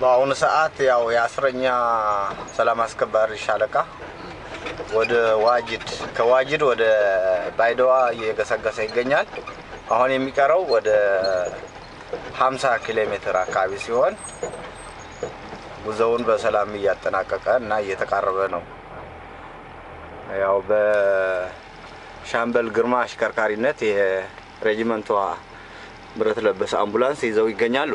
በአሁኑ ሰዓት ያው የአስረኛ ሰላም አስከባሪ ሻለቃ ወደ ዋጅድ ከዋጅድ ወደ ባይደዋ እየገሰገሰ ይገኛል። አሁን የሚቀረው ወደ 50 ኪሎ ሜትር አካባቢ ሲሆን ጉዞውን በሰላም እያጠናቀቀ እና እየተቃረበ ነው። ያው በሻምበል ግርማ አሽከርካሪነት የሬጂመንቷ ብረት ለበስ አምቡላንስ ይዘው ይገኛሉ።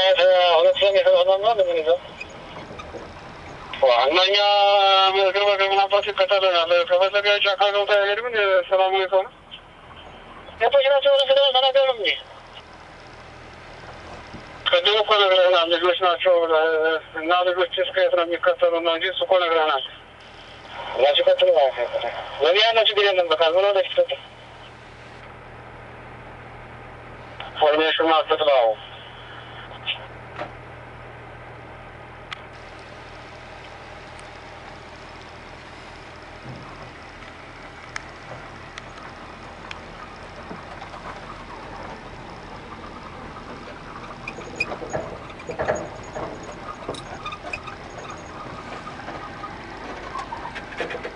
እና ሁለት ሰው የተጠናና ለምንይዘው ዋናኛ ምግብ ምግብ ናባቸው ይከተለናል። ከፈለገ ጫካ ገብታ አይሄድም። ሰላማዊ ከሆነ ሴቶች ናቸው ወደ ስለ ተናገሩ እንጂ ቅድም እኮ ነግረናል። ልጆች ናቸው እና ልጆች እስከ የት ነው የሚከተሉ ነው እንጂ እሱ እኮ ነግረናል። ናቸው ከተሉ ለእኔ ያለው ችግር የለም። በቃ ብሎ ወደፊት ኢንፎርሜሽን አትጥላው Thank you.